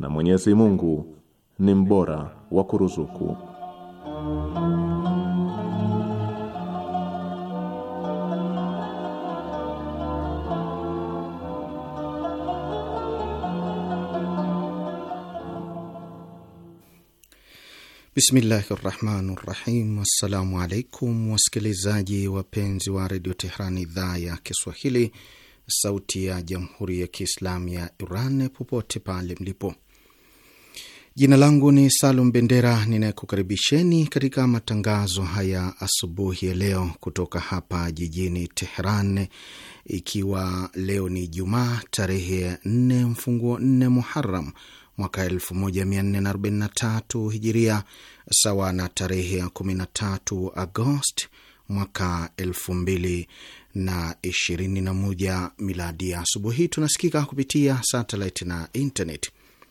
na Mwenyezi Mungu ni mbora wa kuruzuku. Bismillahi rahmani rahim. Assalamu alaikum wasikilizaji wapenzi wa redio Tehran, idhaa ya Kiswahili, sauti ya jamhuri ya kiislamu ya Iran, popote pale mlipo. Jina langu ni Salum Bendera, ninayekukaribisheni katika matangazo haya asubuhi ya leo kutoka hapa jijini Teheran, ikiwa leo ni Jumaa tarehe 4 mfunguo nne Muharam mwaka 1443 Hijiria, sawa na tarehe ya 13 Agosti mwaka 21 Miladi. Asubuhi tunasikika kupitia satellite na internet.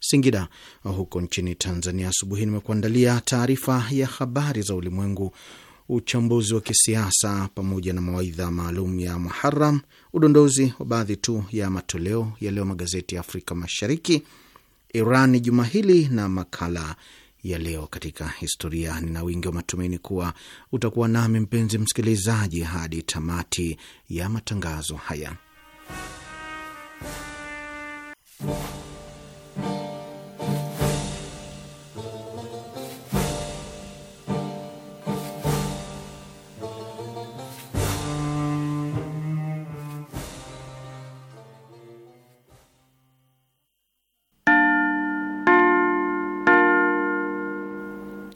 Singida. Huko nchini Tanzania asubuhi nimekuandalia taarifa ya habari za ulimwengu, uchambuzi wa kisiasa, pamoja na mawaidha maalum ya Muharam, udondozi wa baadhi tu ya matoleo ya leo magazeti ya Afrika Mashariki, Iran juma hili na makala ya leo katika historia. Nina wingi wa matumaini kuwa utakuwa nami mpenzi msikilizaji hadi tamati ya matangazo haya.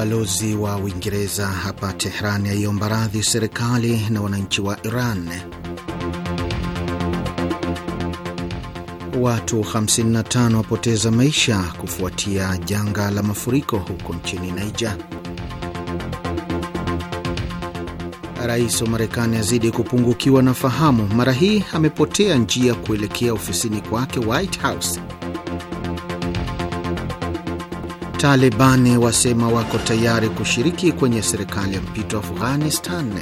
Balozi wa Uingereza hapa Tehran yaiomba radhi serikali na wananchi wa Iran. Watu 55 wapoteza maisha kufuatia janga la mafuriko huko nchini Niger. Rais wa Marekani azidi kupungukiwa na fahamu, mara hii amepotea njia kuelekea ofisini kwake White House. Talibani wasema wako tayari kushiriki kwenye serikali ya mpito Afghanistan.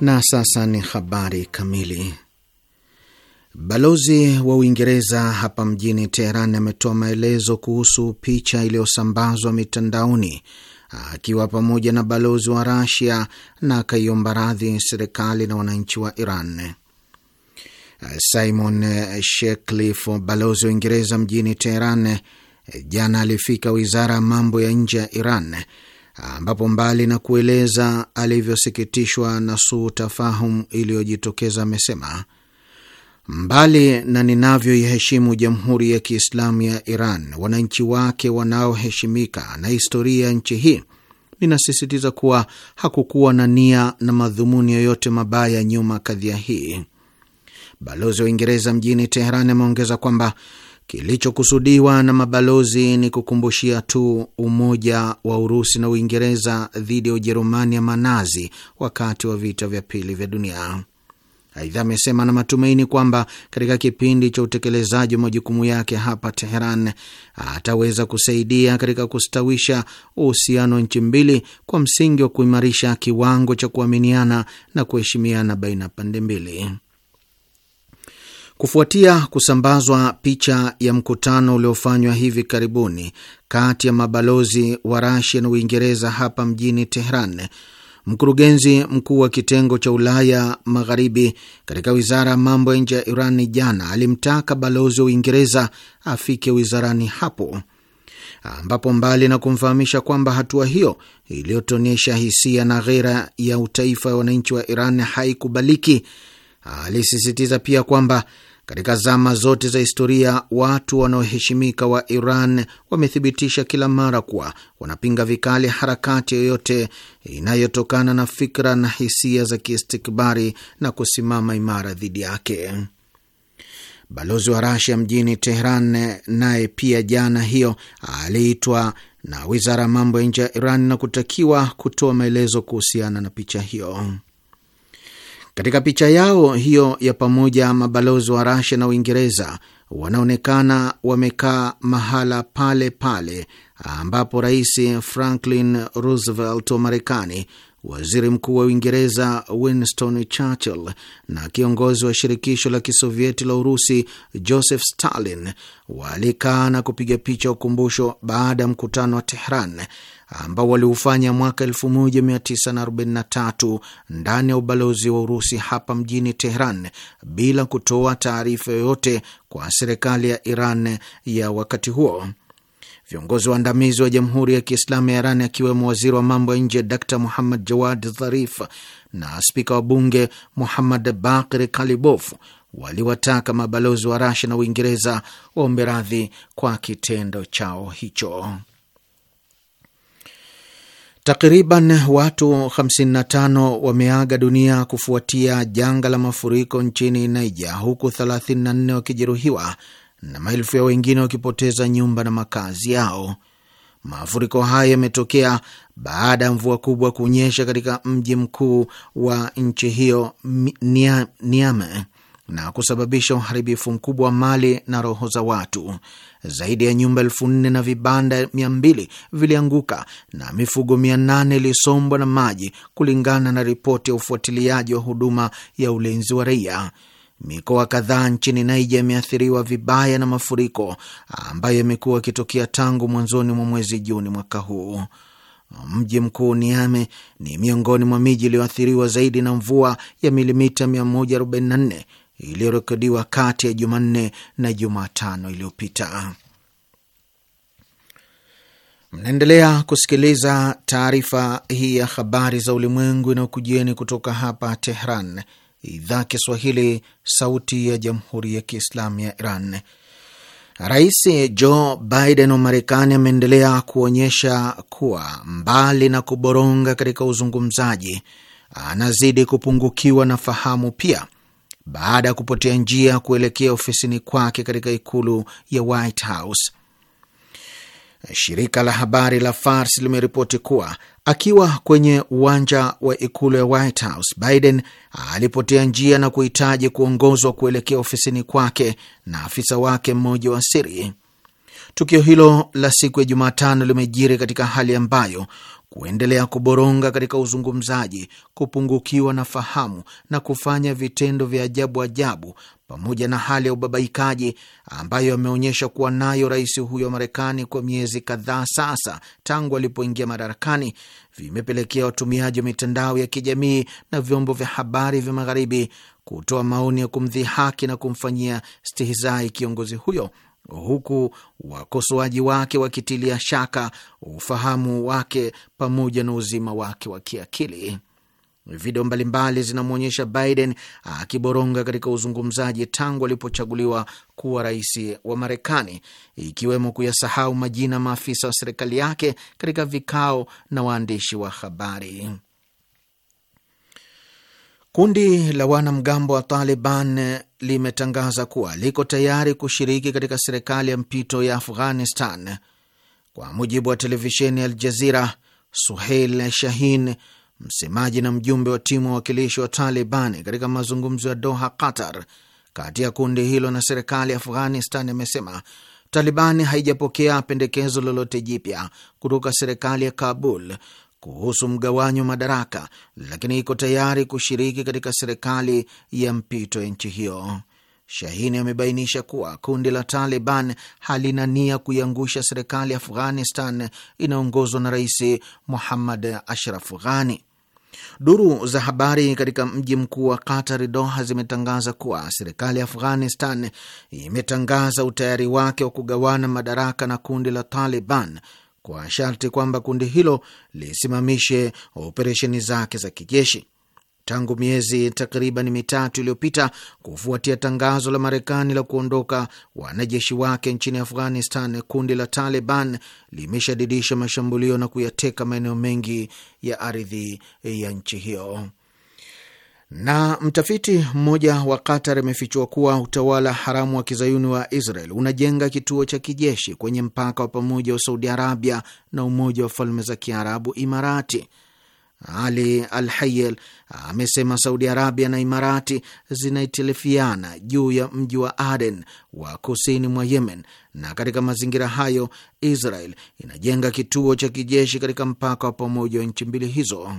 Na sasa ni habari kamili. Balozi wa Uingereza hapa mjini Teheran ametoa maelezo kuhusu picha iliyosambazwa mitandaoni akiwa pamoja na balozi wa Rasia na akaiomba radhi serikali na wananchi wa Iran. Eh, Simon eh, Shekliff, eh, balozi wa Uingereza mjini Teheran, jana alifika wizara ya mambo ya nje ya Iran, ambapo mbali na kueleza alivyosikitishwa na suu tafahum iliyojitokeza amesema mbali na ninavyoiheshimu Jamhuri ya Kiislamu ya Iran, wananchi wake wanaoheshimika na historia ya nchi hii, ninasisitiza kuwa hakukuwa na nia na madhumuni yoyote mabaya nyuma kadhia hii. Balozi wa Uingereza mjini Teheran ameongeza kwamba kilichokusudiwa na mabalozi ni kukumbushia tu umoja wa Urusi na Uingereza dhidi ya Ujerumani ya manazi wakati wa vita vya pili vya dunia. Aidha, amesema na matumaini kwamba katika kipindi cha utekelezaji wa majukumu yake hapa Teheran ataweza kusaidia katika kustawisha uhusiano wa nchi mbili kwa msingi wa kuimarisha kiwango cha kuaminiana na kuheshimiana baina ya pande mbili. Kufuatia kusambazwa picha ya mkutano uliofanywa hivi karibuni kati ya mabalozi wa Rasia na Uingereza hapa mjini Tehran, mkurugenzi mkuu wa kitengo cha Ulaya Magharibi katika wizara ya mambo ya nje ya Iran jana alimtaka balozi wa Uingereza afike wizarani hapo, ambapo mbali na kumfahamisha kwamba hatua hiyo iliyotonyesha hisia na ghera ya utaifa ya wananchi wa Iran haikubaliki, alisisitiza pia kwamba katika zama zote za historia, watu wanaoheshimika wa Iran wamethibitisha kila mara kuwa wanapinga vikali harakati yoyote inayotokana na fikra na hisia za kiistikbari na kusimama imara dhidi yake. Balozi wa Rasia mjini Tehran naye pia jana hiyo aliitwa na wizara ya mambo ya nje ya Iran na kutakiwa kutoa maelezo kuhusiana na picha hiyo. Katika picha yao hiyo ya pamoja, mabalozi wa Rasia na Uingereza wanaonekana wamekaa mahala pale pale ambapo Rais Franklin Roosevelt wa Marekani, waziri mkuu wa Uingereza Winston Churchill na kiongozi wa shirikisho la kisovyeti la Urusi Joseph Stalin walikaa na kupiga picha ukumbusho baada ya mkutano wa Tehran ambao waliufanya mwaka 1943 ndani ya ubalozi wa Urusi hapa mjini Tehran bila kutoa taarifa yoyote kwa serikali ya Iran ya wakati huo. Viongozi waandamizi wa Jamhuri ya Kiislamu ya Iran akiwemo waziri wa mambo ya nje Dr Muhammad Jawad Zarif na spika wa bunge Muhammad Bakir Kalibof waliwataka mabalozi wa Rasha na Uingereza waombe radhi kwa kitendo chao hicho. Takriban watu 55 wameaga dunia kufuatia janga la mafuriko nchini Naija, huku 34 wakijeruhiwa na maelfu ya wengine wakipoteza nyumba na makazi yao. Mafuriko haya yametokea baada ya mvua kubwa kunyesha katika mji mkuu wa nchi hiyo Niamey na kusababisha uharibifu mkubwa wa mali na roho za watu zaidi ya nyumba elfu nne na vibanda mia mbili vilianguka na mifugo mia nane ilisombwa na maji, kulingana na ripoti ya ufuatiliaji wa huduma ya ulinzi wa raia. Mikoa kadhaa nchini Naija imeathiriwa vibaya na mafuriko ambayo yamekuwa yakitokea tangu mwanzoni mwa mwezi Juni mwaka huu. Mji mkuu Niame ni miongoni mwa miji iliyoathiriwa zaidi na mvua ya milimita 144 iliyorekodiwa kati ya Jumanne na Jumatano iliyopita. Mnaendelea kusikiliza taarifa hii ya habari za ulimwengu inayokujieni kutoka hapa Tehran, idhaa Kiswahili, sauti ya jamhuri ya kiislamu ya Iran. Rais Joe Biden wa Marekani ameendelea kuonyesha kuwa mbali na kuboronga katika uzungumzaji, anazidi kupungukiwa na fahamu pia baada ya kupotea njia kuelekea ofisini kwake katika ikulu ya White House. Shirika la habari la Fars limeripoti kuwa akiwa kwenye uwanja wa ikulu ya White House, Biden alipotea njia na kuhitaji kuongozwa kuelekea ofisini kwake na afisa wake mmoja wa siri. Tukio hilo la siku ya Jumatano limejiri katika hali ambayo kuendelea kuboronga katika uzungumzaji, kupungukiwa na fahamu na kufanya vitendo vya ajabu ajabu, pamoja na hali ya ubabaikaji ambayo ameonyesha kuwa nayo rais huyo wa Marekani kwa miezi kadhaa sasa tangu alipoingia madarakani, vimepelekea watumiaji wa mitandao ya kijamii na vyombo vya habari vya Magharibi kutoa maoni ya kumdhihaki na kumfanyia stihizai kiongozi huyo huku wakosoaji wake wakitilia shaka ufahamu wake pamoja na uzima wake wa kiakili. Video mbalimbali zinamwonyesha Biden akiboronga katika uzungumzaji tangu alipochaguliwa kuwa rais wa Marekani, ikiwemo kuyasahau majina maafisa wa serikali yake katika vikao na waandishi wa habari. Kundi la wanamgambo wa Taliban limetangaza kuwa liko tayari kushiriki katika serikali ya mpito ya Afghanistan. Kwa mujibu wa televisheni ya Aljazira, Suheil Shahin, msemaji na mjumbe wa timu ya wakilishi wa Taliban katika mazungumzo ya Doha, Qatar, kati ya kundi hilo na serikali ya Afghanistan, amesema Taliban haijapokea pendekezo lolote jipya kutoka serikali ya Kabul kuhusu mgawanyo wa madaraka, lakini iko tayari kushiriki katika serikali ya mpito ya nchi hiyo. Shahini amebainisha kuwa kundi la Taliban halina nia kuiangusha serikali ya Afghanistan inayoongozwa na Rais Muhammad Ashraf Ghani. Duru za habari katika mji mkuu wa Qatar, Doha, zimetangaza kuwa serikali ya Afghanistan imetangaza utayari wake wa kugawana madaraka na kundi la Taliban kwa sharti kwamba kundi hilo lisimamishe operesheni zake za kijeshi. Tangu miezi takriban mitatu iliyopita, kufuatia tangazo la Marekani la kuondoka wanajeshi wake nchini Afghanistan, kundi la Taliban limeshadidisha mashambulio na kuyateka maeneo mengi ya ardhi ya nchi hiyo. Na mtafiti mmoja wa Qatar amefichua kuwa utawala haramu wa kizayuni wa Israel unajenga kituo cha kijeshi kwenye mpaka wa pamoja wa Saudi Arabia na Umoja wa Falme za Kiarabu, Imarati. Ali Al Hayel amesema Saudi Arabia na Imarati zinaitilifiana juu ya mji wa Aden wa kusini mwa Yemen, na katika mazingira hayo Israel inajenga kituo cha kijeshi katika mpaka wa pamoja wa nchi mbili hizo.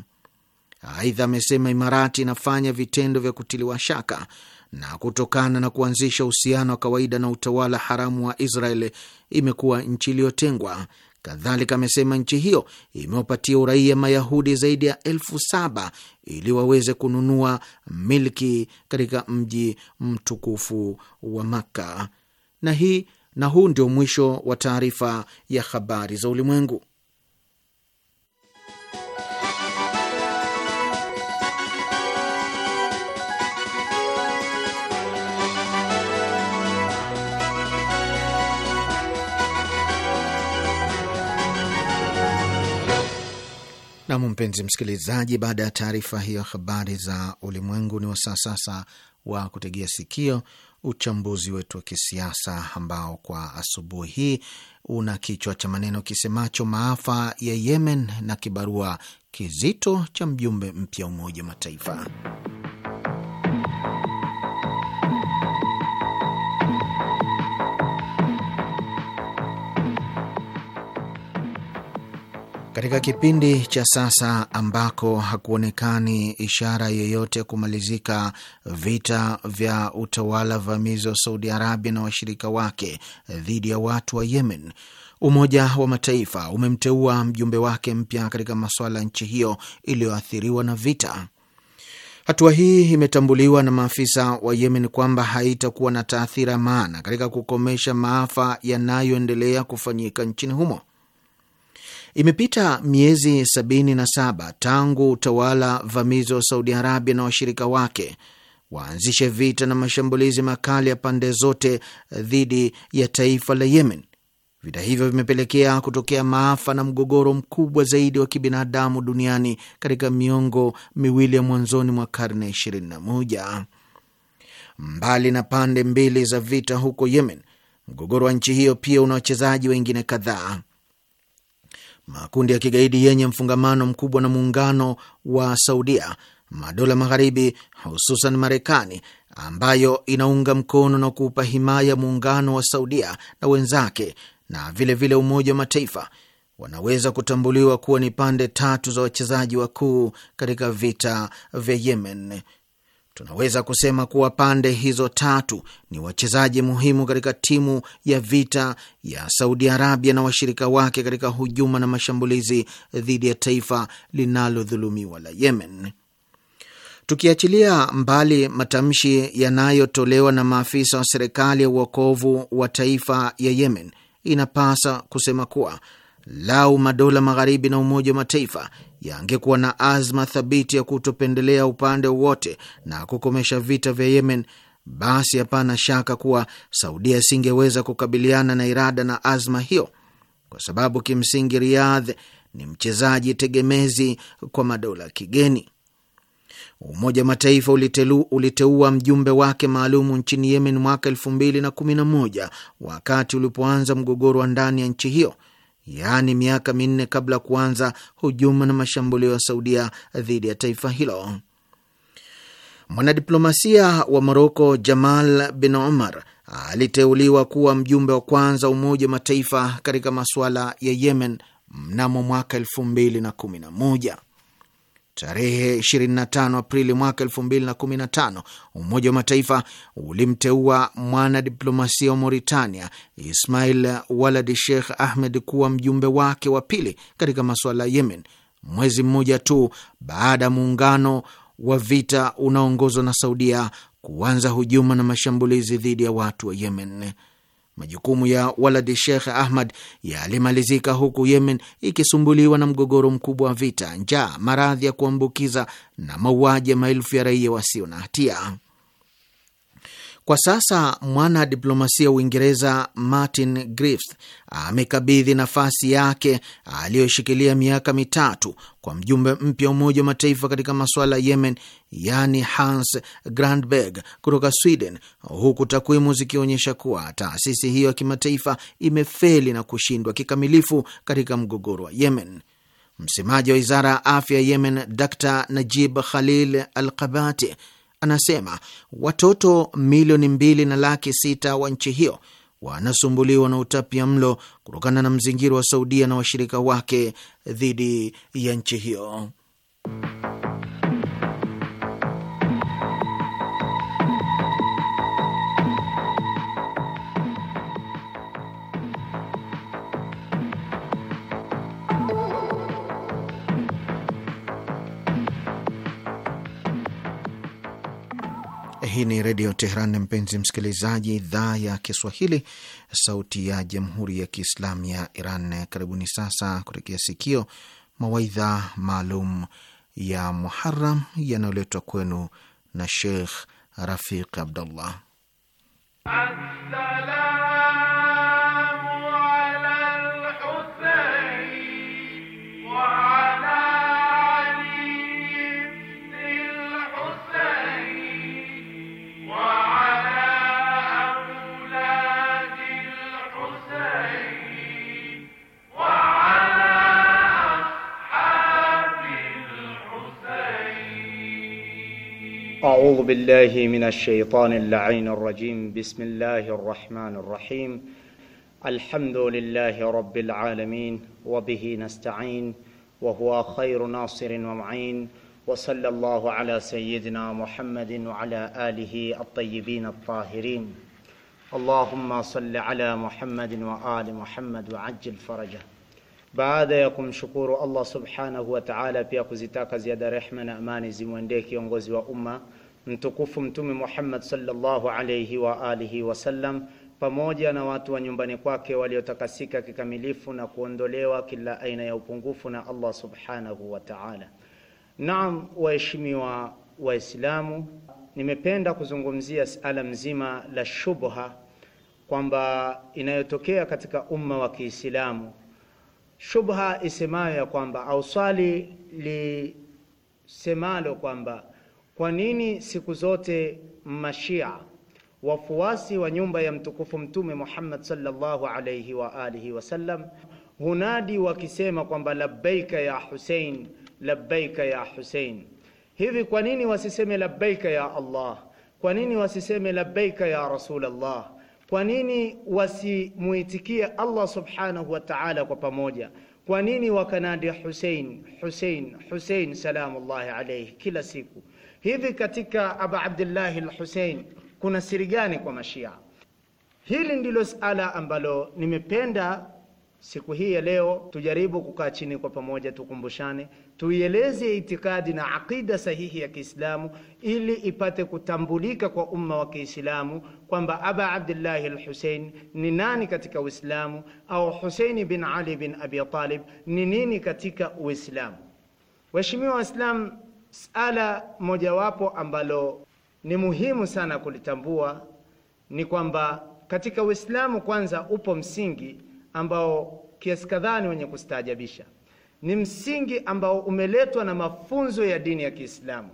Aidha, amesema Imarati inafanya vitendo vya kutiliwa shaka na kutokana na kuanzisha uhusiano wa kawaida na utawala haramu wa Israeli imekuwa nchi iliyotengwa. Kadhalika amesema nchi hiyo imewapatia uraia Mayahudi zaidi ya elfu saba ili waweze kununua milki katika mji mtukufu wa Makka. Na hii na huu ndio mwisho wa taarifa ya habari za ulimwengu. Nam, mpenzi msikilizaji, baada ya taarifa hiyo habari za ulimwengu, ni wasaa sasa wa kutegea sikio uchambuzi wetu wa kisiasa ambao kwa asubuhi hii una kichwa cha maneno kisemacho maafa ya Yemen na kibarua kizito cha mjumbe mpya Umoja wa Mataifa. katika kipindi cha sasa ambako hakuonekani ishara yoyote ya kumalizika vita vya utawala vamizi wa Saudi Arabia na washirika wake dhidi ya watu wa Yemen, Umoja wa Mataifa umemteua mjumbe wake mpya katika masuala ya nchi hiyo iliyoathiriwa na vita. Hatua hii imetambuliwa na maafisa wa Yemen kwamba haitakuwa na taathira maana katika kukomesha maafa yanayoendelea kufanyika nchini humo. Imepita miezi 77 tangu utawala vamizi wa Saudi Arabia na washirika wake waanzishe vita na mashambulizi makali ya pande zote dhidi ya taifa la Yemen. Vita hivyo vimepelekea kutokea maafa na mgogoro mkubwa zaidi wa kibinadamu duniani katika miongo miwili ya mwanzoni mwa karne 21. Mbali na pande mbili za vita huko Yemen, mgogoro wa nchi hiyo pia una wachezaji wengine kadhaa makundi ya kigaidi yenye mfungamano mkubwa na muungano wa Saudia, madola magharibi, hususan Marekani ambayo inaunga mkono na kuupa himaya muungano wa Saudia na wenzake na vilevile vile Umoja wa Mataifa wanaweza kutambuliwa kuwa ni pande tatu za wachezaji wakuu katika vita vya Yemen tunaweza kusema kuwa pande hizo tatu ni wachezaji muhimu katika timu ya vita ya Saudi Arabia na washirika wake katika hujuma na mashambulizi dhidi ya taifa linalodhulumiwa la Yemen. Tukiachilia mbali matamshi yanayotolewa na maafisa wa serikali ya uokovu wa taifa ya Yemen, inapasa kusema kuwa Lau madola magharibi na Umoja wa Mataifa yangekuwa na azma thabiti ya kutopendelea upande wowote na kukomesha vita vya Yemen, basi hapana shaka kuwa Saudia isingeweza kukabiliana na irada na azma hiyo, kwa sababu kimsingi Riyadh ni mchezaji tegemezi kwa madola kigeni. Umoja wa Mataifa ulitelu, uliteua mjumbe wake maalumu nchini Yemen mwaka elfu mbili na kumi na moja wakati ulipoanza mgogoro wa ndani ya nchi hiyo yaani miaka minne kabla ya kuanza hujuma na mashambulio ya Saudia dhidi ya taifa hilo. Mwanadiplomasia wa Moroko Jamal bin Omar aliteuliwa kuwa mjumbe wa kwanza wa Umoja wa Mataifa katika masuala ya Yemen mnamo mwaka elfu mbili na kumi na moja. Tarehe 25 Aprili mwaka 2015 Umoja wa Mataifa ulimteua mwanadiplomasia wa Mauritania Ismail Walad Sheikh Ahmed kuwa mjumbe wake wa pili katika masuala ya Yemen, mwezi mmoja tu baada ya muungano wa vita unaoongozwa na Saudia kuanza hujuma na mashambulizi dhidi ya watu wa Yemen. Majukumu ya Waladi Sheikh Ahmad yalimalizika huku Yemen ikisumbuliwa na mgogoro mkubwa wa vita, njaa, maradhi ya kuambukiza na mauaji ya maelfu ya raia wasio na hatia. Kwa sasa mwana diplomasia wa Uingereza Martin Griffiths amekabidhi nafasi yake aliyoshikilia miaka mitatu kwa mjumbe mpya wa Umoja wa Mataifa katika masuala ya Yemen, yaani Hans grandberg kutoka Sweden, huku takwimu zikionyesha kuwa taasisi hiyo ya kimataifa imefeli na kushindwa kikamilifu katika mgogoro wa Yemen. Msemaji wa wizara ya afya ya Yemen, Dr Najib Khalil Al Kabati anasema watoto milioni mbili na laki sita wa nchi hiyo wanasumbuliwa na utapia mlo kutokana na mzingiro wa Saudia na washirika wake dhidi ya nchi hiyo. Hii ni Redio Tehran, mpenzi msikilizaji, idhaa ya Kiswahili, sauti ya Jamhuri ya Kiislamu ya Iran. Karibuni sasa kutegea sikio mawaidha maalum ya Muharam yanayoletwa kwenu na Sheikh Rafiq Abdullah. Assalam. أعوذ بالله من الشيطان اللعين الرجيم بسم الله الرحمن الرحيم الحمد لله رب العالمين وبه نستعين وهو خير ناصر ومعين وصلى الله على سيدنا محمد وعلى آله الطيبين الطاهرين اللهم صل على محمد وآل محمد وعجل فرجه Baada ya kumshukuru Allah subhanahu wa ta'ala, pia kuzitaka ziada rehma na amani zimwendee kiongozi wa umma mtukufu Mtume Muhammad sallallahu alayhi wa alihi wasallam pamoja na watu wa nyumbani kwake waliotakasika kikamilifu na kuondolewa kila aina ya upungufu na Allah subhanahu wa ta'ala. Naam, waheshimiwa Waislamu, nimependa kuzungumzia sala mzima la shubha kwamba inayotokea katika umma wa Kiislamu shubha isemayo ya kwamba au swali lisemalo kwamba kwa nini siku zote mashia wafuasi wa nyumba ya mtukufu Mtume Muhammad sallallahu alayhi wa alihi wasallam hunadi wakisema kwamba labbaika ya Hussein, labbaika ya Hussein. Hivi kwa nini wasiseme labbaika ya Allah? Kwa nini wasiseme labbaika ya Rasulullah? Kwa nini wasimuitikie Allah subhanahu wa ta'ala kwa pamoja? Kwa nini wakanadi Hussein Hussein Hussein salamullahi alayhi kila siku? Hivi katika Aba Abdullah al-Hussein kuna siri gani kwa Mashia? Hili ndilo sala ambalo nimependa siku hii ya leo tujaribu kukaa chini kwa pamoja, tukumbushane, tuieleze itikadi na aqida sahihi ya Kiislamu ili ipate kutambulika kwa umma wa Kiislamu kwamba Aba Abdillahi Lhusein ni nani katika Uislamu au Huseini bin Ali bin Abi Talib ni nini katika Uislamu. Waheshimiwa Waislamu, sala mojawapo ambalo ni muhimu sana kulitambua ni kwamba katika Uislamu kwanza upo msingi ambao kiasi kadhaa ni wenye kustaajabisha. Ni msingi ambao umeletwa na mafunzo ya dini ya Kiislamu.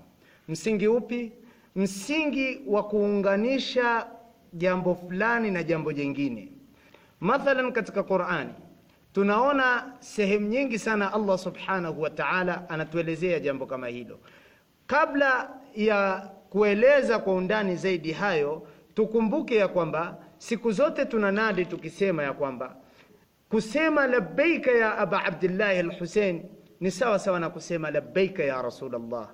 Msingi upi? Msingi wa kuunganisha jambo fulani na jambo jengine. Mathalan, katika Qur'ani tunaona sehemu nyingi sana Allah subhanahu wa ta'ala anatuelezea jambo kama hilo. Kabla ya kueleza kwa undani zaidi hayo, tukumbuke ya kwamba siku zote tunanadi tukisema ya kwamba kusema labbaika ya Aba Abdillahi al ni sawa sawa na kusema labbaika ya Rasulullah.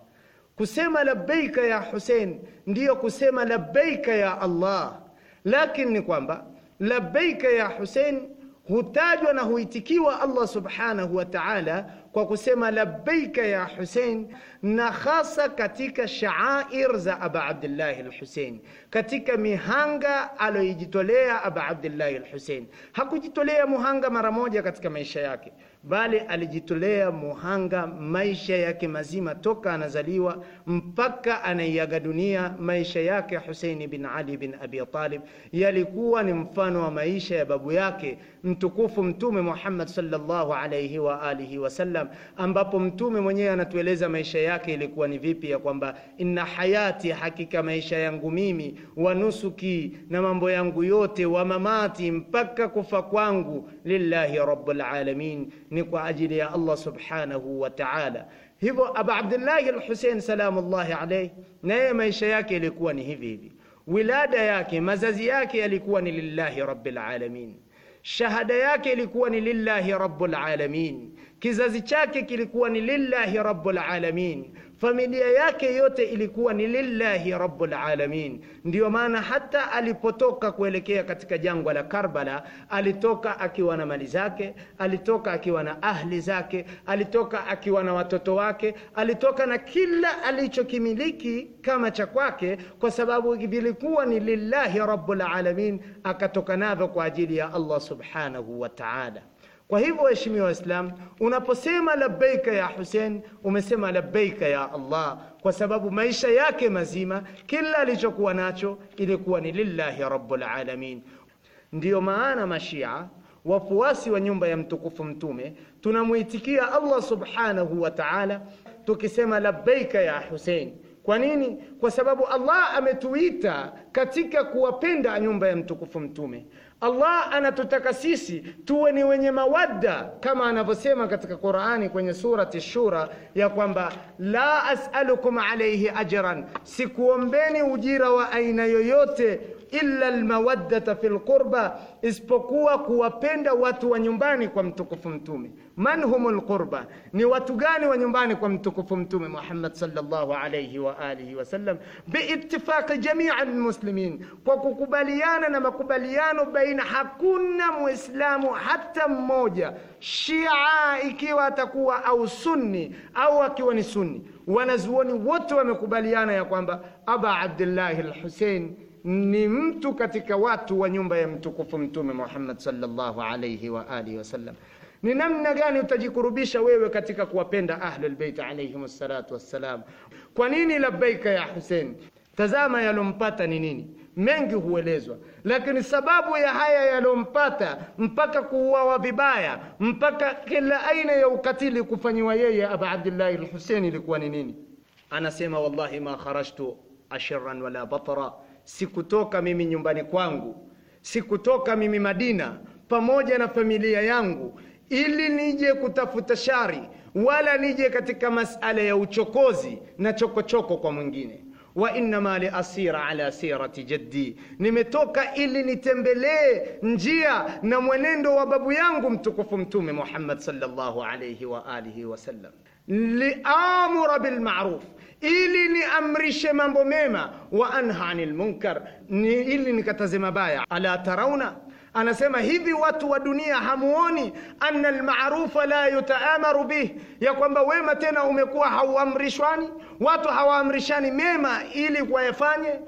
Kusema labbaika ya Husein ndiyo kusema labbaika ya Allah. Lakini ni kwamba labbaika ya Hussein hutajwa na huitikiwa Allah subhanahu wa ta'ala kwa kusema labbaika ya Hussein, na hasa katika shaair za Aba Abdillahi al-Hussein, katika mihanga aliyojitolea Aba Abdillahi al-Hussein. Hakujitolea muhanga mara moja katika maisha yake bali alijitolea muhanga maisha yake mazima toka anazaliwa mpaka anaiaga dunia. Maisha yake Huseini bin Ali bin Abi Talib yalikuwa ni mfano wa maisha ya babu yake mtukufu Mtume Muhammad sallallahu alayhi wa alihi wasallam, ambapo mtume mwenyewe anatueleza maisha yake ilikuwa ni vipi, ya kwamba inna hayati, hakika maisha yangu mimi, wa nusuki, na mambo yangu yote, wa mamati, mpaka kufa kwangu, lillahi rabbil alamin, ni kwa ajili ya Allah subhanahu wa ta'ala. Hivyo Abu Abdillahi al-Hussein salamullahi alayhi, naye maisha yake ilikuwa ni hivi hivi, wilada yake, mazazi yake yalikuwa ni lillahi rabbil alamin shahada yake ilikuwa ni lillahi rabbil alamin, kizazi chake kilikuwa ni lillahi rabbil alamin familia yake yote ilikuwa ni lillahi rabbul alamin. Ndiyo maana hata alipotoka kuelekea katika jangwa la Karbala, alitoka akiwa na mali zake, alitoka akiwa na ahli zake, alitoka akiwa na watoto wake, alitoka na kila alichokimiliki kama cha kwake, kwa sababu vilikuwa ni lillahi rabbul alamin. Akatoka navyo kwa ajili ya Allah subhanahu wa ta'ala. Kwa hivyo waheshimiwa Waislamu, unaposema labbeika ya Hussein, umesema labbeika ya Allah, kwa sababu maisha yake mazima kila alichokuwa nacho ilikuwa ni lillahi rabbul alamin. Ndiyo maana mashia wafuasi wa nyumba ya mtukufu mtume tunamwitikia Allah subhanahu wa ta'ala tukisema labbeika ya Hussein. Kwa nini? Kwa sababu Allah ametuita katika kuwapenda nyumba ya mtukufu mtume Allah anatutaka sisi tuwe ni wenye mawadda kama anavyosema katika Qur'ani kwenye surati Shura ya kwamba la as'alukum alayhi ajran, sikuombeni ujira wa aina yoyote illa almawaddata fi qurba, isipokuwa kuwapenda watu wa nyumbani kwa mtukufu Mtume. Man humul qurba, ni watu gani wa nyumbani kwa mtukufu Mtume Muhammad sallallahu alayhi wa alihi wasallam? Biittifaqi jamii almuslimin, kwa kukubaliana na makubaliano baina, hakuna muislamu hata mmoja, Shia ikiwa atakuwa au Sunni au akiwa ni Sunni, wanazuoni wote wamekubaliana ya kwamba Aba Abdillahi al ni mtu katika watu wa nyumba ya mtukufu Mtume Muhammad sallallahu alayhi wa alihi wasallam. Ni namna gani utajikurubisha wewe katika kuwapenda Ahlul Bait alayhim salatu wassalam? Kwa nini labbaika ya Hussein? Tazama yalompata ni nini. Mengi huelezwa, lakini sababu ya haya yalompata, mpaka kuuawa vibaya, mpaka kila aina ya ukatili kufanyiwa yeye Aba Abdillahi al-Husaini ilikuwa ni nini? Anasema, wallahi ma kharajtu ashiran wala batara sikutoka mimi nyumbani kwangu, sikutoka mimi Madina pamoja na familia yangu ili nije kutafuta shari wala nije katika masala ya uchokozi na chokochoko choko kwa mwingine wa innama li asira ala sirati jaddi, nimetoka ili nitembelee njia na mwenendo wa babu yangu mtukufu Mtume Muhammad sallallahu alayhi wa alihi wasallam. Liamura bilmaruf, ili niamrishe mambo mema, wa anha anil munkar, ili nikataze mabaya. Ala tarauna Anasema hivi, watu wa dunia hamuoni anna almarufa la yutaamaru bih, ya kwamba wema tena umekuwa hauamrishwani, watu hawaamrishani mema ili wayafanye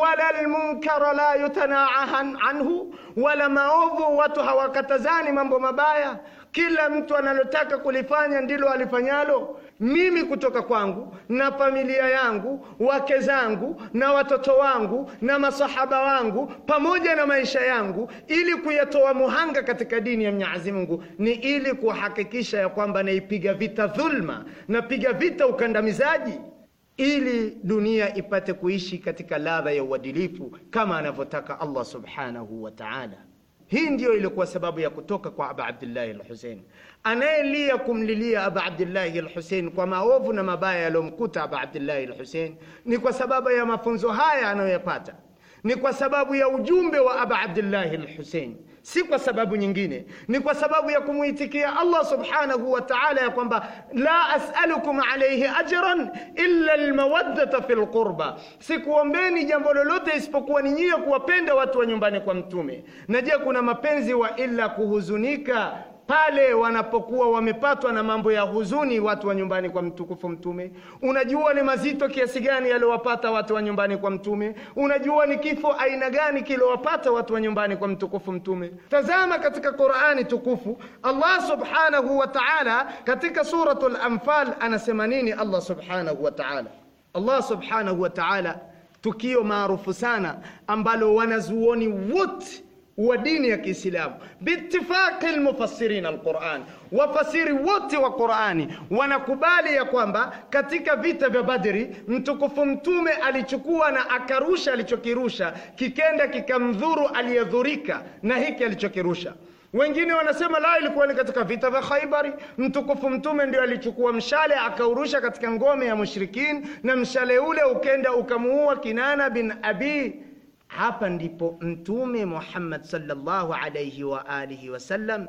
wala almunkara la yutanaaha anhu, wala maovu watu hawakatazani mambo mabaya. Kila mtu analotaka kulifanya ndilo alifanyalo mimi kutoka kwangu na familia yangu, wake zangu na watoto wangu na masahaba wangu, pamoja na maisha yangu, ili kuyatoa muhanga katika dini ya Mwenyezi Mungu, ni ili kuhakikisha ya kwamba naipiga vita dhulma, napiga vita ukandamizaji, ili dunia ipate kuishi katika ladha ya uadilifu kama anavyotaka Allah subhanahu wa ta'ala. Hii ndiyo ilikuwa sababu ya kutoka kwa Aba Abdillahi al anayelia kumlilia Aba Abdillahi Alhusein kwa maovu na mabaya yaliyomkuta Aba Abdillahi Alhusein ni kwa sababu ya mafunzo haya anayoyapata, ni kwa sababu ya ujumbe wa Aba Abdillahi Alhusein, si kwa sababu nyingine. Ni kwa sababu ya kumwitikia Allah subhanahu wa ta'ala ya kwamba la as'alukum alayhi ajran illa lmawaddata fi lqurba sikuombeni jambo lolote isipokuwa ni nyiye kuwapenda watu wa nyumbani kwa Mtume. Na je, kuna mapenzi wa illa kuhuzunika pale wanapokuwa wamepatwa na mambo ya huzuni watu wa nyumbani kwa mtukufu Mtume. Unajua ni mazito kiasi gani yaliowapata watu wa nyumbani kwa Mtume. Unajua ni kifo aina gani kiliowapata watu wa nyumbani kwa mtukufu Mtume. Tazama katika Qur'ani tukufu, Allah subhanahu wa ta'ala katika suratul Anfal anasema nini? Allah subhanahu wa ta'ala, Allah subhanahu wa ta'ala, tukio maarufu sana ambalo wanazuoni wote wa dini ya Kiislamu biitifaqi almufassirin alquran, wafasiri wote wa Qurani wanakubali ya kwamba katika vita vya Badri mtukufu Mtume alichukua na akarusha alichokirusha, kikenda kikamdhuru aliyedhurika na hiki alichokirusha. Wengine wanasema la, ilikuwa ni katika vita vya Khaibari, mtukufu mtume ndio alichukua mshale akaurusha katika ngome ya mushrikin, na mshale ule ukenda ukamuua Kinana bin Abi hapa ndipo Mtume Muhammad sallallahu alayhi wa alihi wasallam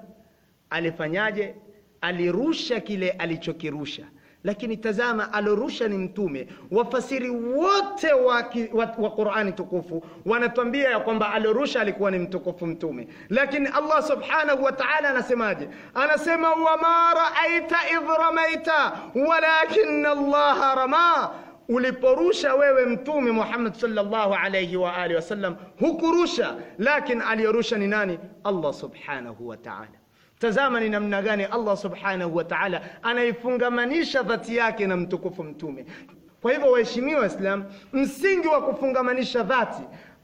alifanyaje? Alirusha kile alichokirusha, lakini tazama, alorusha ni Mtume. Wafasiri wote wa, wa, wa Qur'ani tukufu wanatuambia ya kwamba alorusha alikuwa ni mtukufu Mtume, lakini Allah subhanahu wa ta'ala anasemaje? Anasema, wama raaita idh ramaita walakinna Allaha rama uliporusha wewe mtume Muhammad sallallahu alayhi wa alihi wasallam hukurusha, lakini aliyorusha ni nani? Allah subhanahu wa ta'ala. Tazama ni namna gani Allah subhanahu wa ta'ala anaifungamanisha dhati yake na mtukufu mtume. Kwa hivyo, waheshimiwa Waislamu, msingi wa kufungamanisha dhati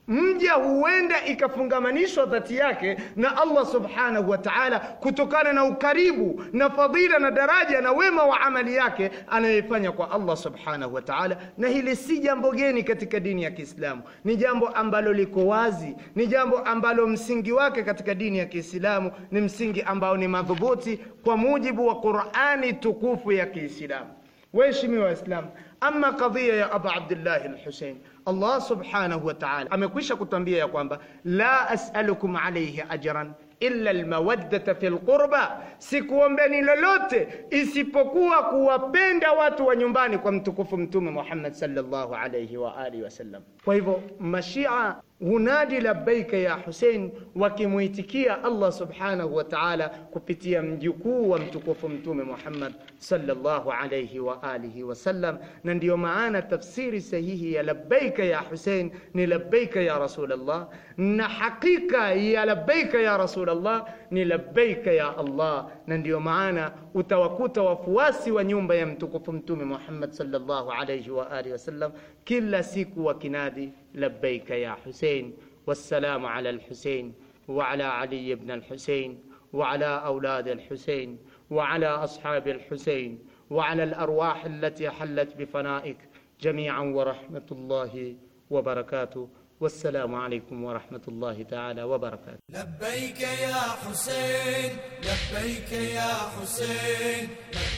mja huenda ikafungamanishwa dhati yake na Allah subhanahu wa ta'ala, kutokana na ukaribu na fadila na daraja na wema wa amali yake anayoifanya kwa Allah subhanahu wa ta'ala. Na hili si jambo geni katika dini ya Kiislamu, ni jambo ambalo liko wazi, ni jambo ambalo msingi wake katika dini ya Kiislamu ni msingi ambao ni madhubuti kwa mujibu wa Qur'ani tukufu ya Kiislamu. Waheshimiwa Waislamu, ama kadhia ya Aba Abdillahi Alhusein, Allah subhanahu wa ta'ala amekwisha kutwambia ya kwamba la as'alukum alayhi ajran illa almawaddata fil qurba, sikuombeni lolote isipokuwa kuwapenda watu wa nyumbani kwa mtukufu Mtume Muhammad sallallahu alayhi wa alihi wasallam. Kwa hivyo mashia hunadi labbaika ya Hussein, wakimwitikia Allah subhanahu wa ta'ala kupitia mjukuu wa mtukufu Mtume Muhammad sallallahu alayhi wa alihi wasallam. Na ndiyo maana tafsiri sahihi ya labbaika ya Hussein ni labbaika ya Rasulullah, na hakika ya labbaika ya Rasulullah ni labbaika ya Allah, na ndiyo maana utawakuta wafuasi wa nyumba ya mtukufu Mtume Muhammad sallallahu alayhi wa alihi wasallam kila siku wakinadi labbaika ya Hussein wassalamu ala al-Hussein wa ala Ali ibn al-Hussein wa ala aulad al-Hussein wa ala ashab al-Hussein wa ala al-arwah allati halat fana'ik jami'an wa rahmatullahi wa barakatuh والسلام عليكم ورحمة الله تعالى وبركاته لبيك يا حسين لبيك يا حسين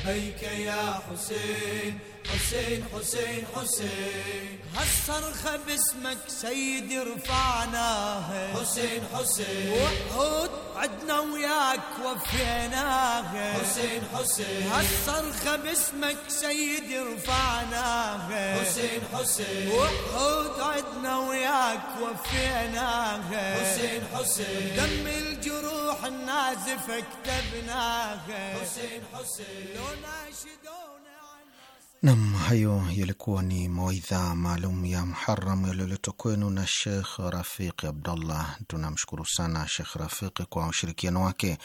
لبيك يا حسين حسين حسين حسين هالصرخة باسمك سيدي رفعناها حسين حسين وحود عدنا وياك وفيناها حسين حسين هالصرخة باسمك سيدي رفعناها حسين حسين وحود عدنا وياك وفيناها حسين حسين دم الجروح النازفة كتبناها حسين حسين لو ناشدون Nam, hayo yalikuwa ni mawaidha maalum ya Muharam yaliyoletwa kwenu na Shekh Rafiqi Abdullah. Tunamshukuru sana Shekh Rafiqi kwa ushirikiano wake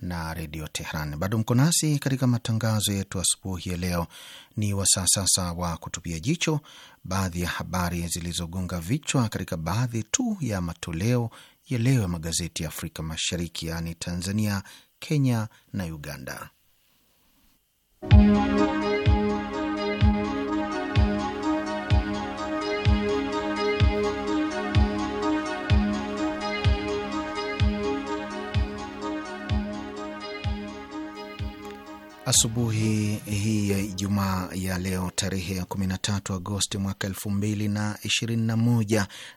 na Redio Tehran. Bado mko nasi katika matangazo yetu asubuhi ya leo. Ni wasaa sasa wa kutupia jicho baadhi ya habari zilizogonga vichwa katika baadhi tu ya matoleo ya leo ya magazeti ya Afrika Mashariki, yaani Tanzania, Kenya na Uganda. Asubuhi hii ya Ijumaa ya leo tarehe ya 13 Agosti mwaka mbili na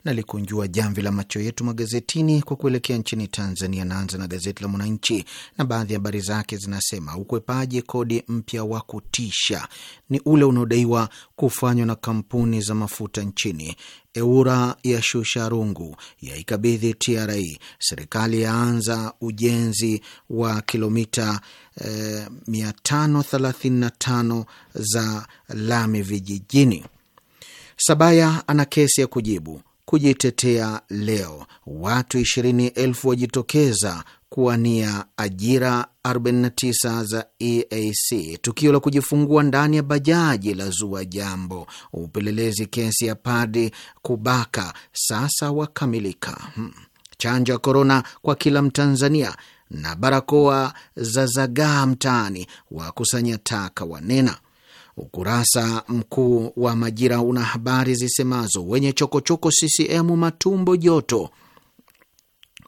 nalikunjua jamvi la macho yetu magazetini kwa kuelekea nchini Tanzania. Naanza na gazeti la Mwananchi na baadhi ya habari zake zinasema: ukwepaji kodi mpya wa kutisha ni ule unaodaiwa kufanywa na kampuni za mafuta nchini. EWURA ya shusha rungu, yaikabidhi TRA. Serikali yaanza ujenzi wa kilomita eh, 535 za lami vijijini. Sabaya ana kesi ya kujibu kujitetea leo. Watu elfu wajitokeza kuwania ajira 49 za EAC. Tukio la kujifungua ndani ya bajaji la zua jambo. Upelelezi kesi ya padi kubaka sasa wakamilika. Hmm. Chanjo ya korona kwa kila Mtanzania na barakoa za zagaa mtaani wa kusanya taka wanena. Ukurasa mkuu wa Majira una habari zisemazo wenye chokochoko CCM matumbo joto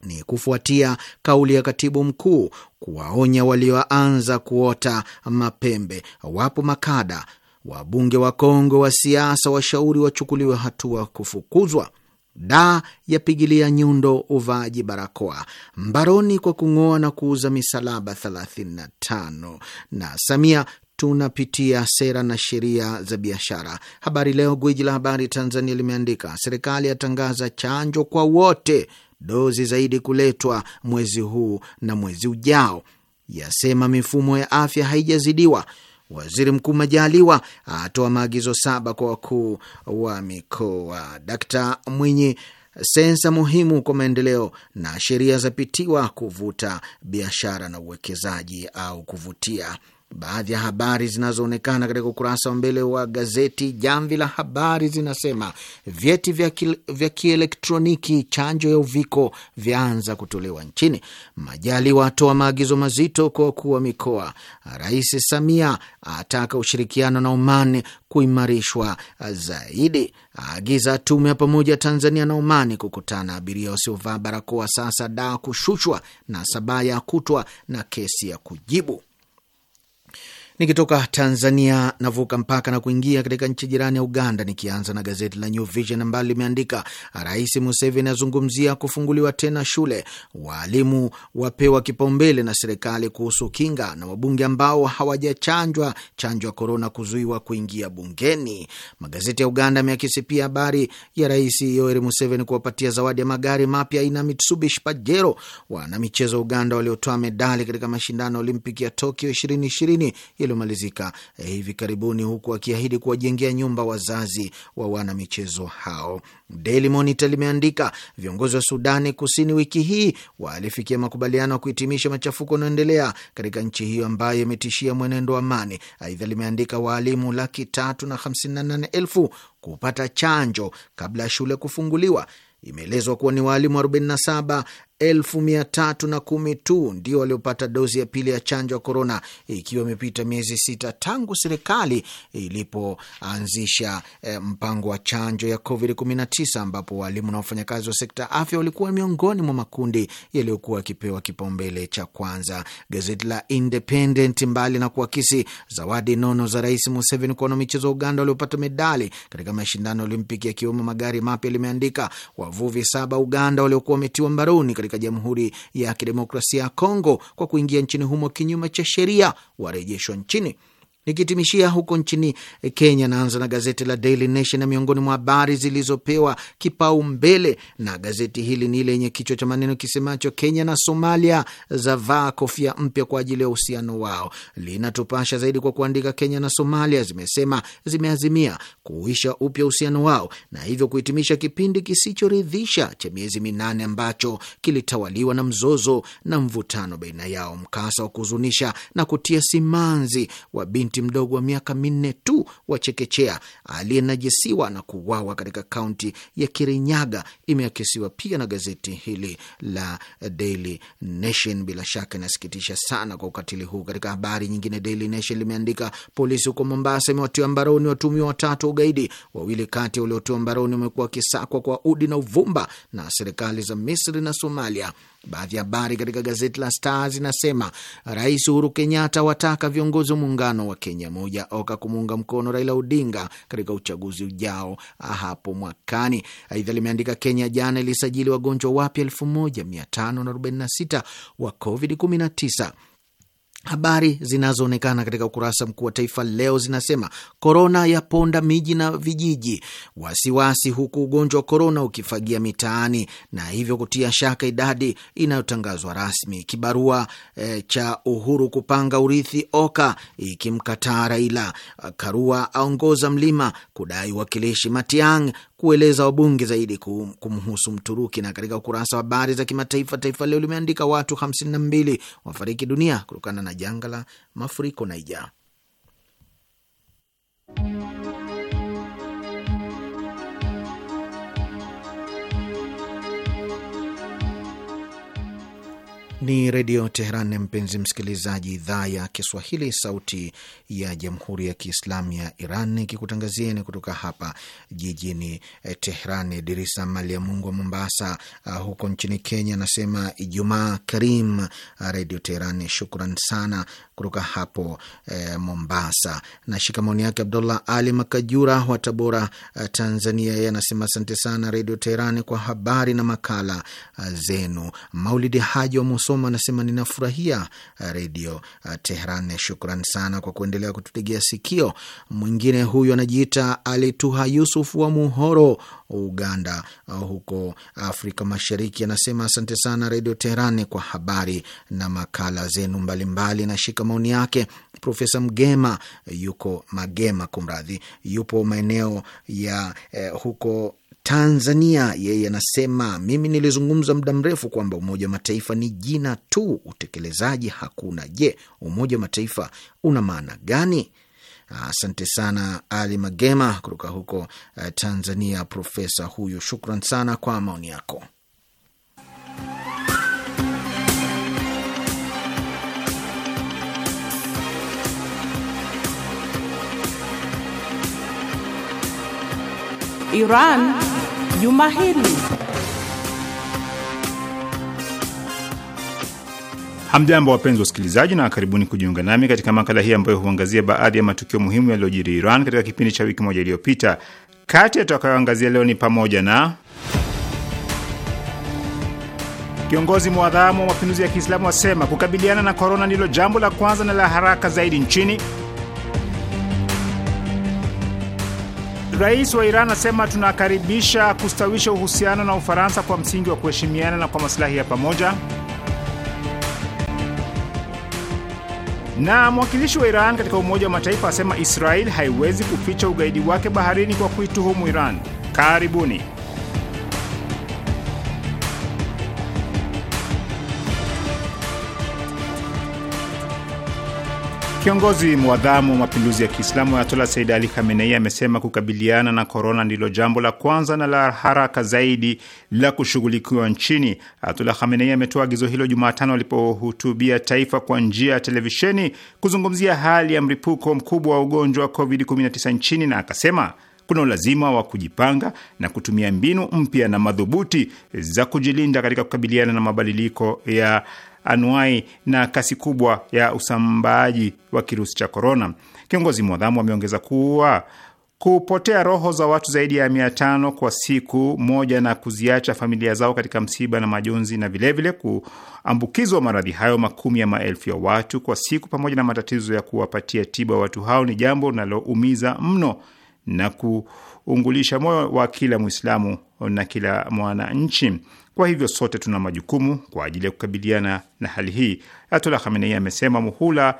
ni kufuatia kauli ya katibu mkuu kuwaonya walioanza kuota mapembe. Wapo makada wabunge wa wa siasa washauri wachukuliwe hatua kufukuzwa. Da yapigilia nyundo uvaaji barakoa. Mbaroni kwa kung'oa na kuuza misalaba 35. Na Samia tunapitia sera na sheria za biashara. Habari Leo, gwiji la habari Tanzania, limeandika serikali yatangaza chanjo kwa wote dozi zaidi kuletwa mwezi huu na mwezi ujao, yasema mifumo ya afya haijazidiwa. Waziri Mkuu Majaliwa atoa maagizo saba kwa wakuu wa mikoa. Dkt Mwinyi, sensa muhimu kwa maendeleo na sheria zapitiwa kuvuta biashara na uwekezaji au kuvutia Baadhi ya habari zinazoonekana katika ukurasa wa mbele wa gazeti Jamvi la Habari zinasema vyeti vya kielektroniki chanjo ya uviko vyaanza kutolewa nchini. Majaliwa atoa maagizo mazito kwa wakuu wa mikoa. Rais Samia ataka ushirikiano na Oman kuimarishwa zaidi, aagiza tume ya pamoja Tanzania na Omani kukutana. Abiria wasiovaa barakoa sasa daa kushushwa, na Sabaya ya kutwa na kesi ya kujibu Nikitoka Tanzania navuka mpaka na kuingia katika nchi jirani ya Uganda, nikianza na gazeti la New Vision ambalo limeandika Rais Museveni azungumzia kufunguliwa tena shule, waalimu wapewa kipaumbele na serikali kuhusu kinga, na wabunge ambao hawajachanjwa chanjo ya korona kuzuiwa kuingia bungeni. Magazeti ya Uganda yameakisi pia habari ya Rais Yoweri Museveni kuwapatia zawadi ya magari mapya aina Mitsubishi Pajero wanamichezo wa Uganda waliotoa medali katika mashindano ya Olimpiki ya Tokyo 2020 iliyomalizika eh, hivi karibuni, huku akiahidi kuwajengea nyumba wazazi wa wanamichezo hao. Daily Monitor limeandika viongozi wa Sudani Kusini wiki hii walifikia makubaliano ya kuhitimisha machafuko yanayoendelea katika nchi hiyo ambayo imetishia mwenendo wa amani. Aidha limeandika waalimu laki tatu na hamsini na nane elfu kupata chanjo kabla ya shule kufunguliwa. Imeelezwa kuwa ni waalimu 47 1310 tu ndio waliopata dozi ya pili ya chanjo ya korona, ikiwa imepita miezi sita tangu serikali ilipoanzisha eh, mpango wa chanjo ya Covid 19 ambapo waalimu na wafanyakazi wa sekta ya afya walikuwa miongoni mwa makundi yaliyokuwa yakipewa kipaumbele cha kwanza. Gazeti la Independent, mbali na kuakisi zawadi nono za Rais Museveni kwa wanamichezo wa Uganda waliopata medali katika mashindano ya Olimpiki yakiwemo magari mapya, limeandika wavuvi saba Uganda waliokuwa wametiwa mbaroni katika Jamhuri ya Kidemokrasia ya Kongo kwa kuingia nchini humo kinyume cha sheria warejeshwa nchini. Nikitimishia huko nchini Kenya, naanza na gazeti la Daily Nation, na miongoni mwa habari zilizopewa kipaumbele na gazeti hili ni ile yenye kichwa cha maneno kisemacho Kenya na Somalia zavaa kofia mpya kwa ajili ya uhusiano wao. Linatupasha zaidi kwa kuandika, Kenya na Somalia zimesema zimeazimia kuisha upya uhusiano wao na hivyo kuhitimisha kipindi kisichoridhisha cha miezi minane ambacho kilitawaliwa na mzozo na mvutano baina yao. Mkasa wa kuhuzunisha na kutia simanzi wa binti binti mdogo wa miaka minne tu wa chekechea aliyenajisiwa na kuuawa katika kaunti ya Kirinyaga imeakisiwa pia na gazeti hili la Daily Nation. Bila shaka inasikitisha sana kwa ukatili huu. Katika habari nyingine, Daily Nation limeandika polisi huko Mombasa imewatia mbaroni watumiwa watatu wa ugaidi. Wawili kati ya waliotiwa mbaroni wamekuwa wakisakwa kwa udi na uvumba na serikali za Misri na Somalia Baadhi ya habari katika gazeti la Star zinasema Rais Uhuru Kenyatta wataka viongozi wa muungano wa Kenya moja oka kumuunga mkono Raila Odinga katika uchaguzi ujao hapo mwakani. Aidha limeandika Kenya jana ilisajili wagonjwa wapya 1546 wa COVID-19 Habari zinazoonekana katika ukurasa mkuu wa Taifa Leo zinasema korona yaponda miji na vijiji, wasiwasi huku ugonjwa wa korona ukifagia mitaani na hivyo kutia shaka idadi inayotangazwa rasmi. Kibarua e, cha Uhuru kupanga urithi Oka ikimkataa Raila. Karua aongoza mlima kudai uwakilishi Matiang kueleza wabunge zaidi kumhusu Mturuki. Na katika ukurasa wa habari za kimataifa, Taifa Leo limeandika watu 52 wafariki dunia kutokana na janga la mafuriko Naija. Ni Redio Teheran, mpenzi msikilizaji, idhaa ya Kiswahili, sauti ya Jamhuri ya Kiislamu ya Iran ikikutangazieni kutoka hapa jijini eh, Teheran. Dirisa mali ya Mungu wa Mombasa ah, huko nchini Kenya anasema Ijumaa Karim. Ah, Redio Teheran, shukran sana kutoka hapo e, Mombasa. Na shika maoni yake Abdullah Ali Makajura wa Tabora, eh, Tanzania. Yeye anasema asante sana Redio Teherani kwa habari na makala eh, zenu. Maulidi Haji wa Musoma anasema ninafurahia Redio Teheran. Shukran sana kwa kuendelea kututegea sikio. Mwingine huyu anajiita Alituha Yusuf wa Muhoro Uganda uh, huko Afrika Mashariki. Anasema asante sana Redio Teherani kwa habari na makala zenu mbalimbali. Nashika maoni yake. Profesa Mgema uh, yuko Magema, kumradhi, yupo maeneo ya eh, huko Tanzania. Yeye anasema mimi nilizungumza muda mrefu kwamba Umoja wa Mataifa ni jina tu, utekelezaji hakuna. Je, Umoja wa Mataifa una maana gani? Asante sana Ali Magema kutoka huko eh, Tanzania, profesa huyu, shukran sana kwa maoni yako. Iran juma hili Hamjambo, wapenzi wasikilizaji, na karibuni kujiunga nami katika makala hii ambayo huangazia baadhi ya matukio muhimu yaliyojiri Iran katika kipindi cha wiki moja iliyopita. Kati ya tutakayoangazia leo ni pamoja na kiongozi mwadhamu wa mapinduzi ya Kiislamu asema kukabiliana na korona ndilo jambo la kwanza na la haraka zaidi nchini. Rais wa Iran asema tunakaribisha kustawisha uhusiano na Ufaransa kwa msingi wa kuheshimiana na kwa masilahi ya pamoja. Na mwakilishi wa Iran katika Umoja wa Mataifa asema Israel haiwezi kuficha ugaidi wake baharini kwa kuituhumu Iran. Karibuni. Kiongozi mwadhamu wa mapinduzi ya Kiislamu Ayatola Said Ali Khamenei amesema kukabiliana na korona ndilo jambo la kwanza na la haraka zaidi la kushughulikiwa nchini. Ayatola Khamenei ametoa agizo hilo Jumatano alipohutubia taifa kwa njia ya televisheni kuzungumzia hali ya mlipuko mkubwa wa ugonjwa wa COVID-19 nchini na akasema kuna ulazima wa kujipanga na kutumia mbinu mpya na madhubuti za kujilinda katika kukabiliana na mabadiliko ya anuai na kasi kubwa ya usambaaji wa kirusi cha korona. Kiongozi mwadhamu ameongeza kuwa kupotea roho za watu zaidi ya mia tano kwa siku moja na kuziacha familia zao katika msiba na majonzi, na vilevile kuambukizwa maradhi hayo makumi ya maelfu ya watu kwa siku, pamoja na matatizo ya kuwapatia tiba watu hao, ni jambo linaloumiza mno na kuungulisha moyo wa kila Mwislamu na kila mwananchi. Kwa hivyo sote tuna majukumu kwa ajili ya kukabiliana na hali hii, Ayatollah Khamenei amesema. Muhula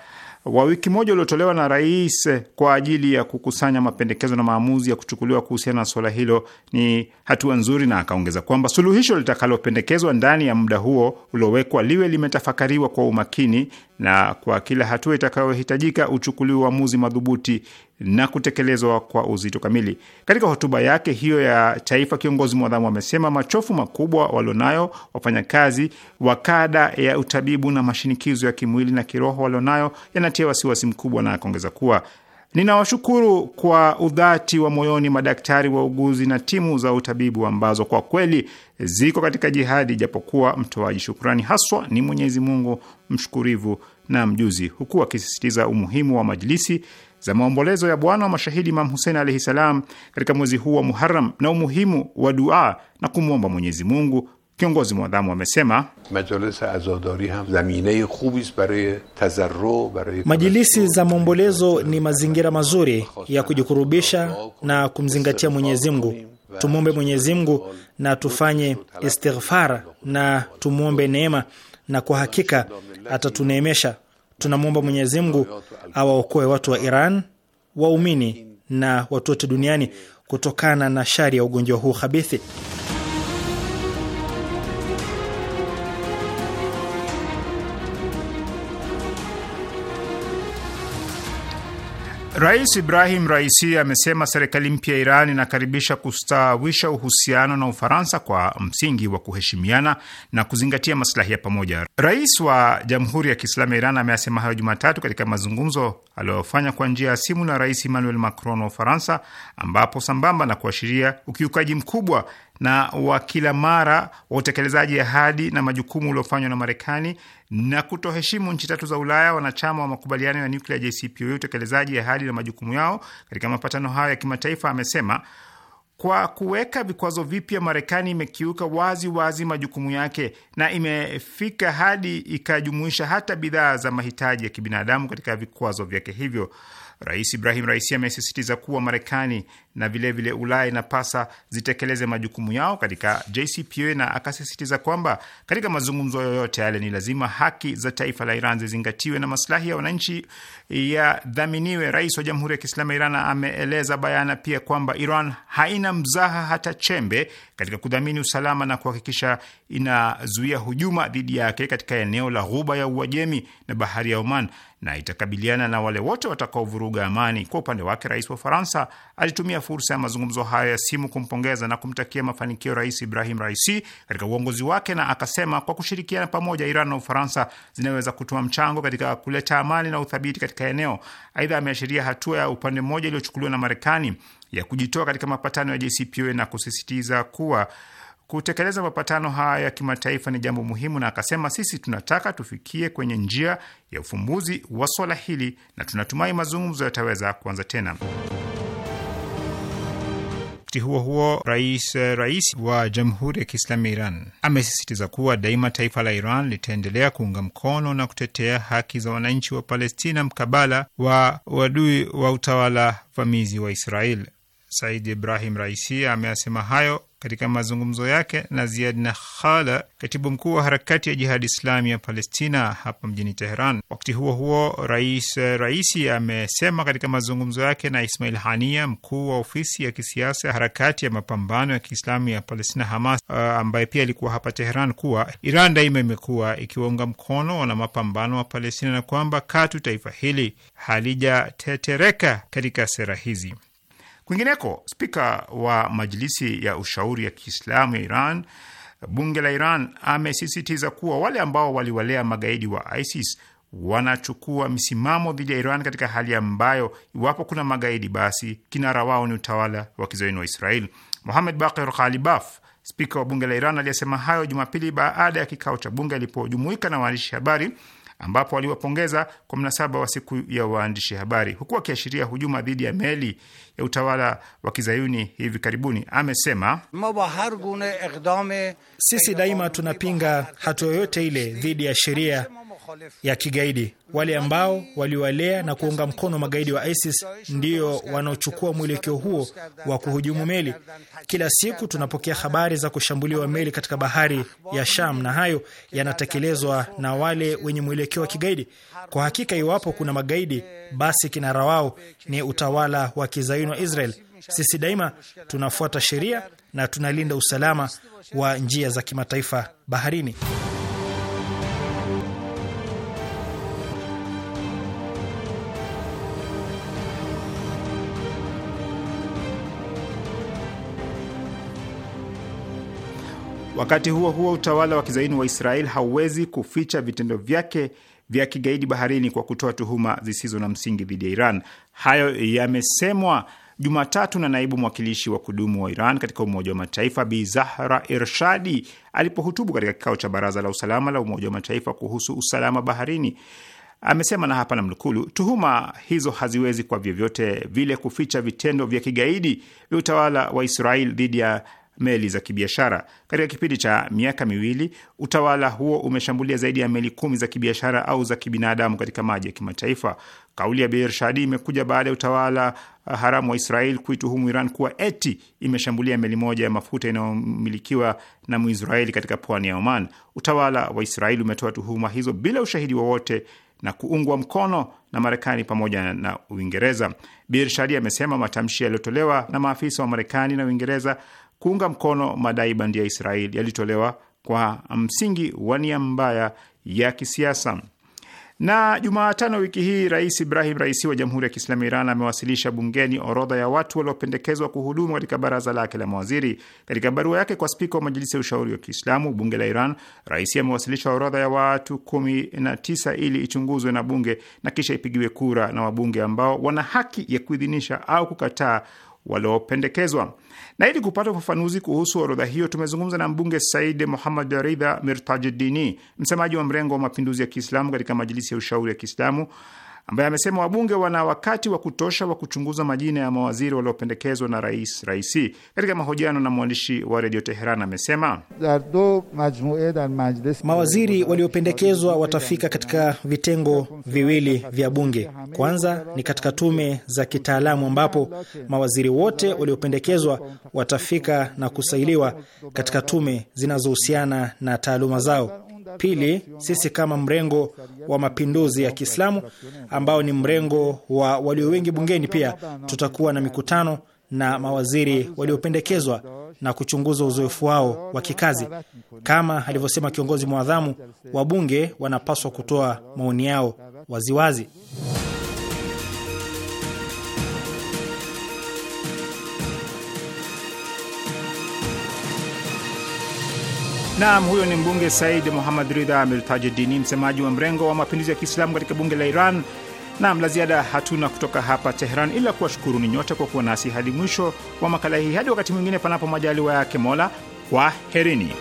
wa wiki moja uliotolewa na rais kwa ajili ya kukusanya mapendekezo na maamuzi ya kuchukuliwa kuhusiana na suala hilo ni hatua nzuri, na akaongeza kwamba suluhisho litakalopendekezwa ndani ya muda huo uliowekwa liwe limetafakariwa kwa umakini na kwa kila hatua itakayohitajika uchukuliwe uamuzi madhubuti na kutekelezwa kwa uzito kamili. Katika hotuba yake hiyo ya taifa, kiongozi mwadhamu amesema machofu makubwa walionayo wafanyakazi wa kada ya utabibu na mashinikizo ya kimwili na kiroho walionayo yanatia wasiwasi mkubwa, na akaongeza kuwa ninawashukuru kwa udhati wa moyoni madaktari, wauguzi na timu za utabibu ambazo kwa kweli ziko katika jihadi, japokuwa mtoaji shukrani haswa ni Mwenyezi Mungu mshukurivu na mjuzi, huku akisisitiza umuhimu wa majilisi za maombolezo ya bwana wa mashahidi Imam Husein alaihi salam katika mwezi huu wa Muharam na umuhimu wa dua na kumwomba Mwenyezi Mungu. Kiongozi mwadhamu amesema majilisi za maombolezo ni mazingira mazuri ya kujikurubisha na kumzingatia Mwenyezi Mungu. Tumwombe Mwenyezi Mungu na tufanye istighfar na tumwombe neema, na kwa hakika atatuneemesha. Tunamwomba Mwenyezi Mungu awaokoe watu wa Iran, waumini na watu wote duniani kutokana na shari ya ugonjwa huu khabithi Rais Ibrahim Raisi amesema serikali mpya ya Iran inakaribisha kustawisha uhusiano na Ufaransa kwa msingi wa kuheshimiana na kuzingatia masilahi ya pamoja. Rais wa Jamhuri ya Kiislamu ya Iran ameyasema hayo Jumatatu katika mazungumzo aliyofanya kwa njia ya simu na Rais Emmanuel Macron wa Ufaransa, ambapo sambamba na kuashiria ukiukaji mkubwa na wa kila mara wa utekelezaji ahadi na majukumu uliofanywa na Marekani na kutoheshimu nchi tatu za Ulaya wanachama wa makubaliano ya nyuklia JCPOA utekelezaji ahadi na majukumu yao katika mapatano hayo ya kimataifa, amesema kwa kuweka vikwazo vipya, Marekani imekiuka wazi wazi majukumu yake na imefika hadi ikajumuisha hata bidhaa za mahitaji ya kibinadamu katika vikwazo vyake hivyo. Rais Ibrahim Raisi amesisitiza kuwa Marekani na vilevile Ulaya inapasa zitekeleze majukumu yao katika JCPOA na akasisitiza kwamba katika mazungumzo yoyote yale ni lazima haki za taifa la Iran zizingatiwe na maslahi ya wananchi yadhaminiwe. Rais wa Jamhuri ya Kiislamu ya Iran ameeleza bayana pia kwamba Iran haina mzaha hata chembe katika kudhamini usalama na kuhakikisha inazuia hujuma dhidi yake katika eneo la Ghuba ya Uajemi na bahari ya Oman na itakabiliana na wale wote watakaovuruga amani. Kwa upande wake, rais wa Ufaransa alitumia fursa ya mazungumzo hayo ya simu kumpongeza na kumtakia mafanikio Rais Ibrahim Raisi katika uongozi wake, na akasema kwa kushirikiana pamoja, Iran na Ufaransa zinaweza kutoa mchango katika kuleta amani na uthabiti katika eneo. Aidha, ameashiria hatua ya upande mmoja iliyochukuliwa na Marekani ya kujitoa katika mapatano ya JCPOA na kusisitiza kuwa Kutekeleza mapatano haya ya kimataifa ni jambo muhimu, na akasema, sisi tunataka tufikie kwenye njia ya ufumbuzi wa swala hili na tunatumai mazungumzo yataweza kuanza tena. Wakati huo huo, rais rais wa Jamhuri ya Kiislamu ya Iran amesisitiza kuwa daima taifa la Iran litaendelea kuunga mkono na kutetea haki za wananchi wa Palestina mkabala wa uadui wa utawala vamizi wa Israel. Said Ibrahim Raisi ameasema hayo katika mazungumzo yake na Ziad Nakhala, katibu mkuu wa harakati ya Jihadi Islami ya Palestina hapa mjini Teheran. Wakati huo huo, rais Raisi amesema katika mazungumzo yake na Ismail Hania, mkuu wa ofisi ya kisiasa ya harakati ya mapambano ya Kiislamu ya Palestina Hamas, uh, ambaye pia alikuwa hapa Teheran, kuwa Iran daima imekuwa ikiwaunga mkono na mapambano wa Palestina na kwamba katu taifa hili halijatetereka katika sera hizi. Kwingineko, spika wa Majilisi ya Ushauri ya Kiislamu ya Iran, bunge la Iran, amesisitiza kuwa wale ambao waliwalea magaidi wa ISIS wanachukua misimamo dhidi ya Iran katika hali ambayo iwapo kuna magaidi basi kinara wao ni utawala wa kizayuni wa Israel. Mohamed Bakir Ghalibaf, spika wa bunge la Iran, aliyesema hayo Jumapili baada ya kikao cha bunge alipojumuika na waandishi habari ambapo aliwapongeza kwa mnasaba wa siku ya waandishi habari, huku akiashiria hujuma dhidi ya meli ya utawala wa kizayuni hivi karibuni. Amesema, sisi daima tunapinga hatua yoyote ile dhidi ya sheria ya kigaidi. Wale ambao waliwalea na kuunga mkono magaidi wa ISIS ndio wanaochukua mwelekeo huo wa kuhujumu meli. Kila siku tunapokea habari za kushambuliwa meli katika bahari ya Sham, na hayo yanatekelezwa na wale wenye mwelekeo wa kigaidi. Kwa hakika, iwapo kuna magaidi, basi kinara wao ni utawala wa kizayuni wa Israel. Sisi daima tunafuata sheria na tunalinda usalama wa njia za kimataifa baharini. Wakati huo huo, utawala wa kizaini wa Israel hauwezi kuficha vitendo vyake vya kigaidi baharini kwa kutoa tuhuma zisizo na msingi dhidi ya Iran. Hayo yamesemwa Jumatatu na naibu mwakilishi wa kudumu wa Iran katika Umoja wa Mataifa Bi Zahra Irshadi alipohutubu katika kikao cha Baraza la Usalama la Umoja wa Mataifa kuhusu usalama baharini. Amesema na hapa namnukuu: tuhuma hizo haziwezi kwa vyovyote vile kuficha vitendo vya kigaidi vya utawala wa Israel dhidi ya meli za kibiashara. Katika kipindi cha miaka miwili, utawala huo umeshambulia zaidi ya meli kumi za kibiashara au za kibinadamu katika maji ya kimataifa. Kauli ya Bershadi imekuja baada ya utawala uh, haramu wa Israel kuituhumu Iran kuwa eti imeshambulia meli moja ya mafuta inayomilikiwa na Muisraeli katika pwani ya Oman. Utawala wa Israeli umetoa tuhuma hizo bila ushahidi wowote na kuungwa mkono na Marekani pamoja na Uingereza. Birshadi amesema matamshi yaliyotolewa na maafisa wa Marekani na Uingereza kuunga mkono madai bandia ya Israeli yalitolewa kwa msingi wa nia mbaya ya kisiasa. Na Jumatano wiki hii Rais Ibrahim Raisi wa Jamhuri ya Kiislamu Iran amewasilisha bungeni orodha ya watu waliopendekezwa kuhudumu katika baraza lake la mawaziri. Katika barua yake kwa spika wa Majilisi ya Ushauri wa Kiislamu, bunge la Iran, Raisi amewasilisha orodha ya watu kumi na tisa ili ichunguzwe na bunge na kisha ipigiwe kura na wabunge ambao wana haki ya kuidhinisha au kukataa waliopendekezwa. Na ili kupata ufafanuzi kuhusu orodha hiyo, tumezungumza na mbunge Said Muhammad Ridha Mirtajidini, msemaji wa mrengo wa mapinduzi ya Kiislamu katika Majilisi ya Ushauri ya Kiislamu ambaye amesema wabunge wana wakati wa kutosha wa kuchunguza majina ya mawaziri waliopendekezwa na rais Raisi. Katika mahojiano na mwandishi wa redio Teheran amesema mawaziri waliopendekezwa watafika katika vitengo viwili vya bunge. Kwanza ni katika tume za kitaalamu ambapo mawaziri wote waliopendekezwa watafika na kusailiwa katika tume zinazohusiana na taaluma zao. Pili, sisi kama mrengo wa mapinduzi ya Kiislamu ambao ni mrengo wa walio wengi bungeni, pia tutakuwa na mikutano na mawaziri waliopendekezwa na kuchunguza uzoefu wao wa kikazi. Kama alivyosema kiongozi mwadhamu, wabunge wanapaswa kutoa maoni yao waziwazi wazi. Naam, huyo ni mbunge Said Muhammad Ridha Amir msemaji wa mrengo wa mapinduzi ya Kiislamu katika bunge la Iran. Naam, la ziada hatuna kutoka hapa Teheran ila kuwashukuruni nyote kwa kuwa nasi hadi mwisho wa makala hii. Hadi wakati mwingine, panapo majaliwa yake Mola, kwa herini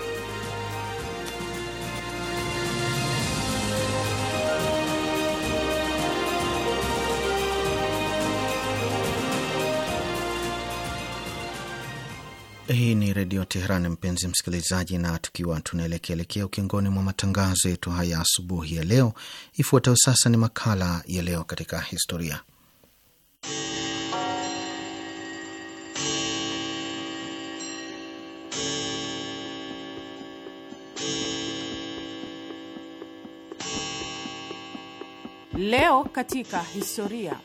Hii ni Redio Teheran, mpenzi msikilizaji, na tukiwa tunaelekeelekea ukingoni mwa matangazo yetu haya asubuhi ya leo, ifuatayo sasa ni makala ya leo katika historia. Leo katika historia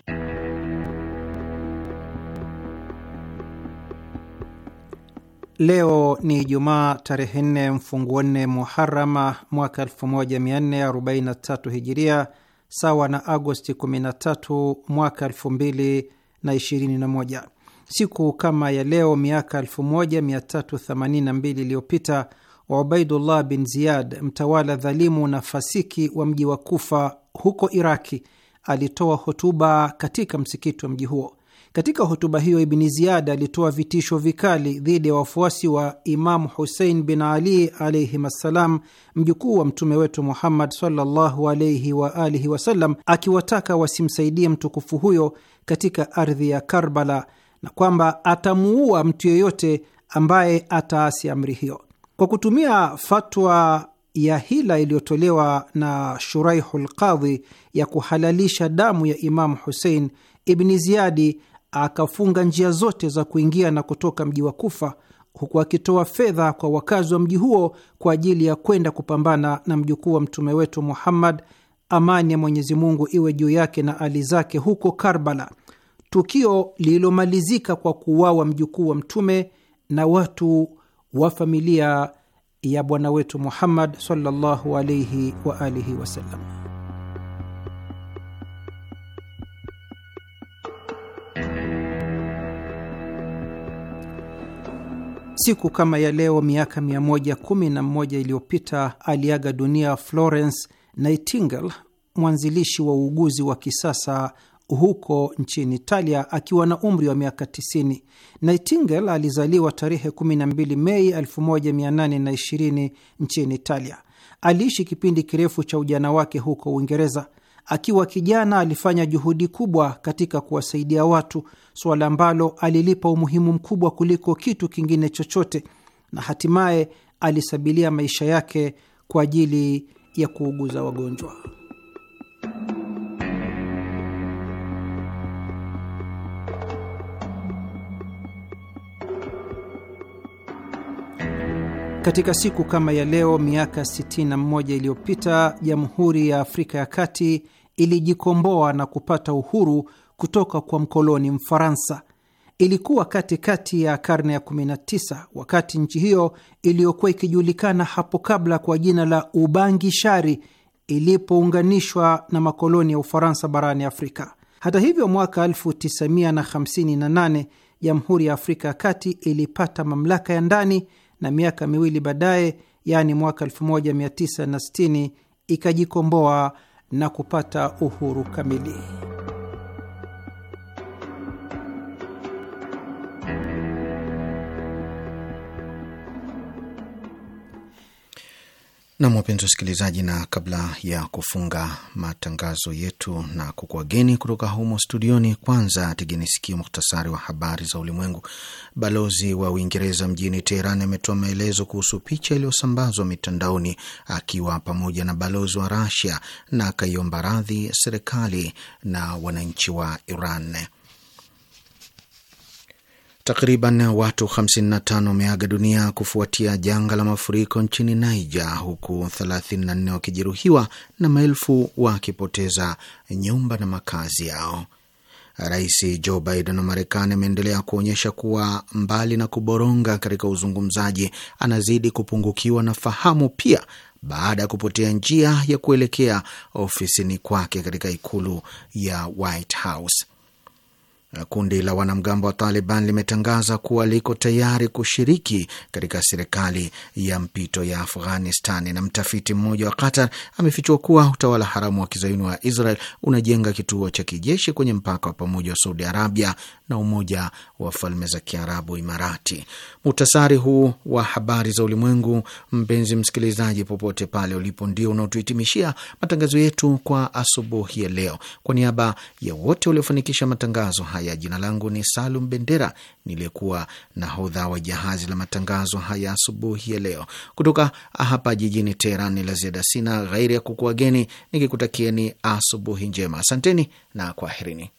Leo ni Ijumaa tarehe nne mfunguo nne Muharama mwaka 1443 Hijiria, sawa na Agosti 13 mwaka 2021. Siku kama ya leo miaka 1382 iliyopita Ubaidullah bin Ziyad, mtawala dhalimu na fasiki wa mji wa Kufa huko Iraki, alitoa hotuba katika msikiti wa mji huo. Katika hotuba hiyo, Ibni Ziyad alitoa vitisho vikali dhidi ya wafuasi wa Imamu Husein bin Ali alaihim assalam, mjukuu wa mtume wetu Muhammad sallallahu alaihi wa alihi wasallam, akiwataka wasimsaidie mtukufu huyo katika ardhi ya Karbala na kwamba atamuua mtu yeyote ambaye ataasi amri hiyo. Kwa kutumia fatwa ya hila iliyotolewa na Shuraihu lqadhi ya kuhalalisha damu ya Imamu Husein, Ibni Ziyadi akafunga njia zote za kuingia na kutoka mji wa Kufa, huku akitoa fedha kwa wakazi wa mji huo kwa ajili ya kwenda kupambana na mjukuu wa mtume wetu Muhammad, amani ya Mwenyezi Mungu iwe juu yake na ali zake, huko Karbala, tukio lililomalizika kwa kuuawa mjukuu wa mtume na watu wa familia ya bwana wetu Muhammad sallallahu alaihi wa alihi wasallam. Siku kama ya leo miaka 111 iliyopita aliaga dunia Florence Nightingale, mwanzilishi wa uuguzi wa kisasa huko nchini Italia akiwa na umri wa miaka 90. Nightingale alizaliwa tarehe 12 Mei 1820 nchini Italia. Aliishi kipindi kirefu cha ujana wake huko Uingereza. Akiwa kijana alifanya juhudi kubwa katika kuwasaidia watu, suala ambalo alilipa umuhimu mkubwa kuliko kitu kingine chochote, na hatimaye alisabilia maisha yake kwa ajili ya kuuguza wagonjwa. Katika siku kama ya leo miaka 61 iliyopita Jamhuri ya Afrika ya Kati ilijikomboa na kupata uhuru kutoka kwa mkoloni Mfaransa. Ilikuwa katikati kati ya karne ya 19 wakati nchi hiyo iliyokuwa ikijulikana hapo kabla kwa jina la Ubangi Shari ilipounganishwa na makoloni ya Ufaransa barani Afrika. Hata hivyo, mwaka 1958 Jamhuri ya Afrika ya Kati ilipata mamlaka ya ndani na miaka miwili baadaye, yaani mwaka 1960 ikajikomboa na kupata uhuru kamili. Nam, wapenzi wasikilizaji, na kabla ya kufunga matangazo yetu na kukuwageni kutoka humo studioni, kwanza tegeni sikio muhtasari wa habari za ulimwengu. Balozi wa Uingereza mjini Teheran ametoa maelezo kuhusu picha iliyosambazwa mitandaoni akiwa pamoja na balozi wa Rasia na akaiomba radhi serikali na wananchi wa Iran. Takriban watu 55 wameaga dunia kufuatia janga la mafuriko nchini Niger, huku 34 wakijeruhiwa na maelfu wakipoteza nyumba na makazi yao. Rais Joe Biden wa Marekani ameendelea kuonyesha kuwa mbali na kuboronga katika uzungumzaji, anazidi kupungukiwa na fahamu pia baada ya kupotea njia ya kuelekea ofisini kwake katika ikulu ya White House. Kundi la wanamgambo wa Taliban limetangaza kuwa liko tayari kushiriki katika serikali ya mpito ya Afghanistani. Na mtafiti mmoja wa Qatar amefichua kuwa utawala haramu wa kizayuni wa Israel unajenga kituo cha kijeshi kwenye mpaka wa pamoja wa Saudi Arabia na Umoja wa Falme za Kiarabu, Imarati. Muhtasari huu wa habari za ulimwengu, mpenzi msikilizaji, popote pale ulipo, ndio unaotuhitimishia matangazo yetu kwa asubuhi ya leo. Kwa niaba ya wote waliofanikisha matangazo haya haya. Jina langu ni Salum Bendera, niliyekuwa nahodha wa jahazi la matangazo haya asubuhi ya leo kutoka hapa jijini Teheran. Ni la ziada sina, ghairi ya kukuageni nikikutakieni asubuhi njema. Asanteni na kwaherini.